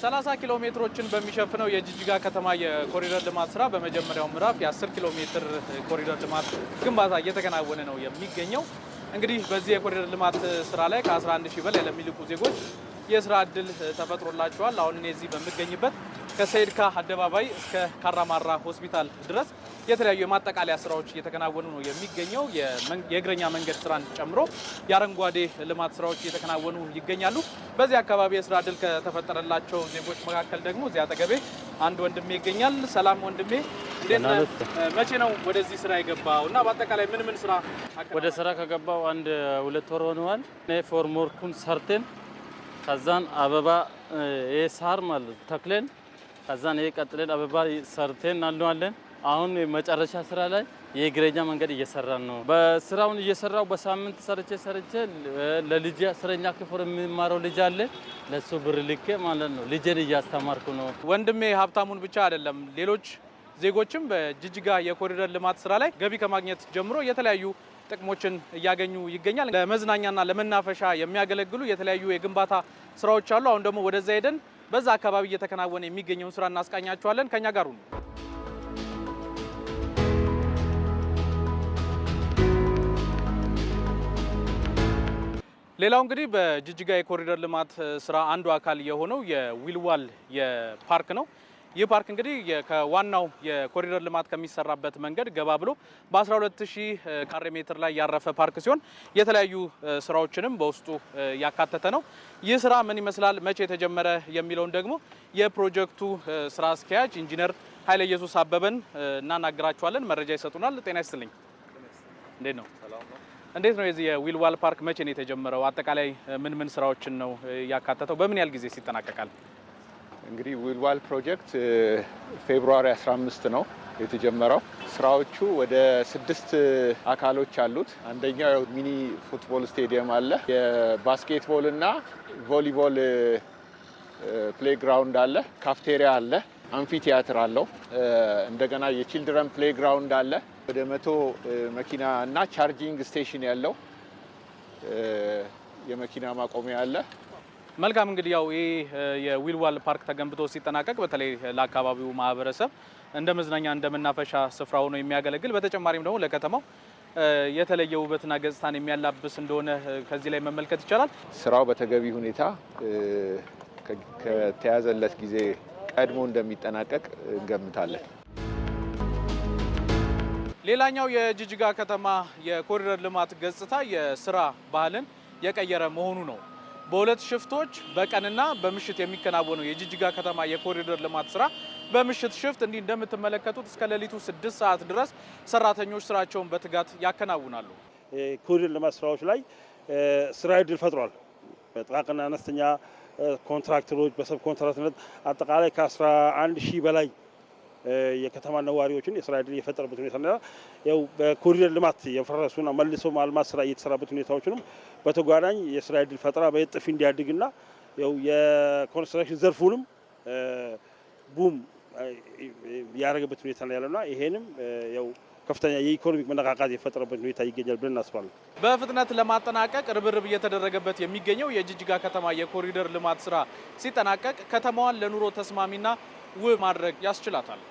30 ኪሎ ሜትሮችን በሚሸፍነው የጅጅጋ ከተማ የኮሪደር ልማት ስራ በመጀመሪያው ምዕራፍ የ10 ኪሎ ሜትር ኮሪደር ልማት ግንባታ እየተከናወነ ነው የሚገኘው። እንግዲህ በዚህ የኮሪደር ልማት ስራ ላይ ከ11 ሺህ በላይ ለሚልቁ ዜጎች የስራ እድል ተፈጥሮላቸዋል። አሁን እኔ እዚህ በምገኝበት ከሰይድካ አደባባይ እስከ ካራማራ ሆስፒታል ድረስ የተለያዩ የማጠቃለያ ስራዎች እየተከናወኑ ነው የሚገኘው። የእግረኛ መንገድ ስራን ጨምሮ የአረንጓዴ ልማት ስራዎች እየተከናወኑ ይገኛሉ። በዚህ አካባቢ የስራ እድል ከተፈጠረላቸው ዜጎች መካከል ደግሞ እዚያ አጠገቤ አንድ ወንድሜ ይገኛል። ሰላም ወንድሜ፣ መቼ ነው ወደዚህ ስራ የገባው እና በአጠቃላይ ምን ምን ስራ ወደ ስራ ከገባው? አንድ ሁለት ወር ሆነዋል። ፎርም ወርኩን ሰርተን ከዛን አበባ ሳር ማለት ተክለን ከዛን ቀጥለን አበባ ሰርተን እናለዋለን አሁን መጨረሻ ስራ ላይ የእግረኛ መንገድ እየሰራን ነው። በስራውን እየሰራው በሳምንት ሰርቼ ሰርቼ ለልጅ አስረኛ ክፍል የሚማረው ልጅ አለ። ለሱ ብር ልኬ ማለት ነው ልጄን እያስተማርኩ ነው። ወንድሜ ሀብታሙን ብቻ አይደለም ሌሎች ዜጎችም በጅጅጋ የኮሪደር ልማት ስራ ላይ ገቢ ከማግኘት ጀምሮ የተለያዩ ጥቅሞችን እያገኙ ይገኛል። ለመዝናኛና ለመናፈሻ የሚያገለግሉ የተለያዩ የግንባታ ስራዎች አሉ። አሁን ደግሞ ወደዛ ሄደን በዛ አካባቢ እየተከናወነ የሚገኘውን ስራ እናስቃኛቸዋለን። ከኛ ጋር ነው ሌላው እንግዲህ በጅጅጋ የኮሪደር ልማት ስራ አንዱ አካል የሆነው የዊልዋል የፓርክ ነው። ይህ ፓርክ እንግዲህ ከዋናው የኮሪደር ልማት ከሚሰራበት መንገድ ገባ ብሎ በ12000 ካሬ ሜትር ላይ ያረፈ ፓርክ ሲሆን የተለያዩ ስራዎችንም በውስጡ ያካተተ ነው። ይህ ስራ ምን ይመስላል፣ መቼ የተጀመረ የሚለውን ደግሞ የፕሮጀክቱ ስራ አስኪያጅ ኢንጂነር ኃይለ ኢየሱስ አበበን እናናግራቸዋለን። መረጃ ይሰጡናል። ጤና ይስጥልኝ። እንዴት ነው? እንዴት ነው የዚህ የዊልዋል ፓርክ መቼ ነው የተጀመረው? አጠቃላይ ምን ምን ስራዎችን ነው ያካተተው? በምን ያህል ጊዜ ሲጠናቀቃል? እንግዲህ ዊልዋል ፕሮጀክት ፌብሩዋሪ 15 ነው የተጀመረው። ስራዎቹ ወደ ስድስት አካሎች አሉት። አንደኛው ሚኒ ፉትቦል ስቴዲየም አለ። የባስኬትቦል እና ቮሊቦል ፕሌይግራውንድ አለ። ካፍቴሪያ አለ። አንፊ ቲያትር አለው። እንደገና የቺልድረን ፕሌግራውንድ ግራውንድ አለ። ወደ መቶ መኪና እና ቻርጂንግ ስቴሽን ያለው የመኪና ማቆሚያ አለ። መልካም እንግዲህ ያው ይህ የዊልዋል ፓርክ ተገንብቶ ሲጠናቀቅ በተለይ ለአካባቢው ማህበረሰብ እንደ መዝናኛ እንደ መናፈሻ ስፍራ ሆኖ የሚያገለግል በተጨማሪም ደግሞ ለከተማው የተለየ ውበትና ገጽታን የሚያላብስ እንደሆነ ከዚህ ላይ መመልከት ይቻላል። ስራው በተገቢ ሁኔታ ከተያዘለት ጊዜ ቀድሞ እንደሚጠናቀቅ እንገምታለን። ሌላኛው የጅጅጋ ከተማ የኮሪደር ልማት ገጽታ የስራ ባህልን የቀየረ መሆኑ ነው። በሁለት ሽፍቶች በቀንና በምሽት የሚከናወነው የጅጅጋ ከተማ የኮሪደር ልማት ስራ በምሽት ሽፍት እንዲህ እንደምትመለከቱት እስከ ሌሊቱ ስድስት ሰዓት ድረስ ሰራተኞች ስራቸውን በትጋት ያከናውናሉ። ኮሪደር ልማት ስራዎች ላይ ስራ ዕድል ፈጥሯል። በጥቃቅንና አነስተኛ ኮንትራክተሮች በሰብ ኮንትራክትነት አጠቃላይ ከ11 ሺህ በላይ የከተማ ነዋሪዎችን የስራ ዕድል የፈጠረበት ሁኔታ ና ያው በኮሪደር ልማት የፈረሱና መልሶ ማልማት ስራ እየተሰራበት ሁኔታዎችንም በተጓዳኝ የስራ ዕድል ፈጠራ እንዲያድግ ና ያው የኮንስትራክሽን ዘርፉንም ቡም ያደረገበት ሁኔታ ነው ያለውና ይሄንም ያው ከፍተኛ የኢኮኖሚክ መነቃቃት የፈጠረበት ሁኔታ ይገኛል ብለን እናስባለን። በፍጥነት ለማጠናቀቅ ርብርብ እየተደረገበት የሚገኘው የጅጅጋ ከተማ የኮሪደር ልማት ስራ ሲጠናቀቅ ከተማዋን ለኑሮ ተስማሚና ውብ ማድረግ ያስችላታል።